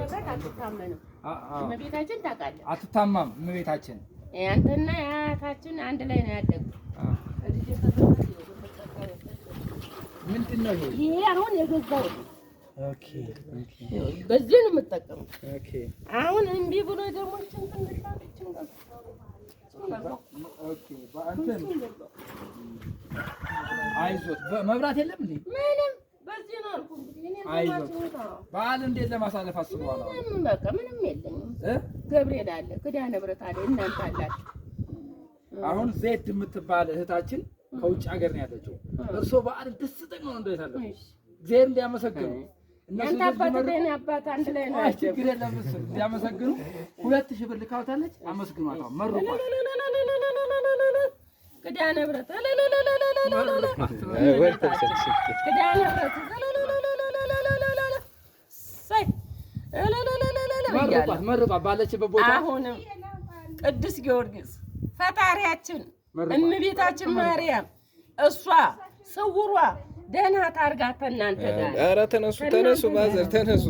ንብረት አትታመንም። እመቤታችን ታውቃለህ፣ አትታማም እመቤታችን። አንተና አንድ ላይ ነው ያደጉት። ምንድን ነው ይሄ? አሁን የገዛው በዚህ ነው የምጠቀመው። አሁን እምቢ ብሎ ደግሞ አይዞት መብራት የለም አይዞህ። በዓል እንዴት ለማሳለፍ አስበዋል? በቃ ምንም የለኝም። ገብርኤል አለ፣ ምሕረት አለ፣ እናንተ አላችሁ። አሁን ዜድ የምትባል እህታችን ከውጭ ሀገር ነው ያለችው። እርስዎ በዓል ደስተኛ ነው እንደታለ እግዚአብሔር እንዲያመሰግኑ እናንተ አባት ደህና አባት አንድ ላይ ነው ችግር የለም እሱ እንዲያመሰግኑ ሁለት ሺህ ብር ልካውታለች። አመስግኗት አሁን መርቋት ምሕረት ብያለሁ። አሁንም ቅዱስ ጊዮርጊስ ፈጣሪያችን እምቤታችን ማርያም እሷ ስውሯ ደህና ጋር። ኧረ ተነሱ ተነሱ፣ ተነሱ።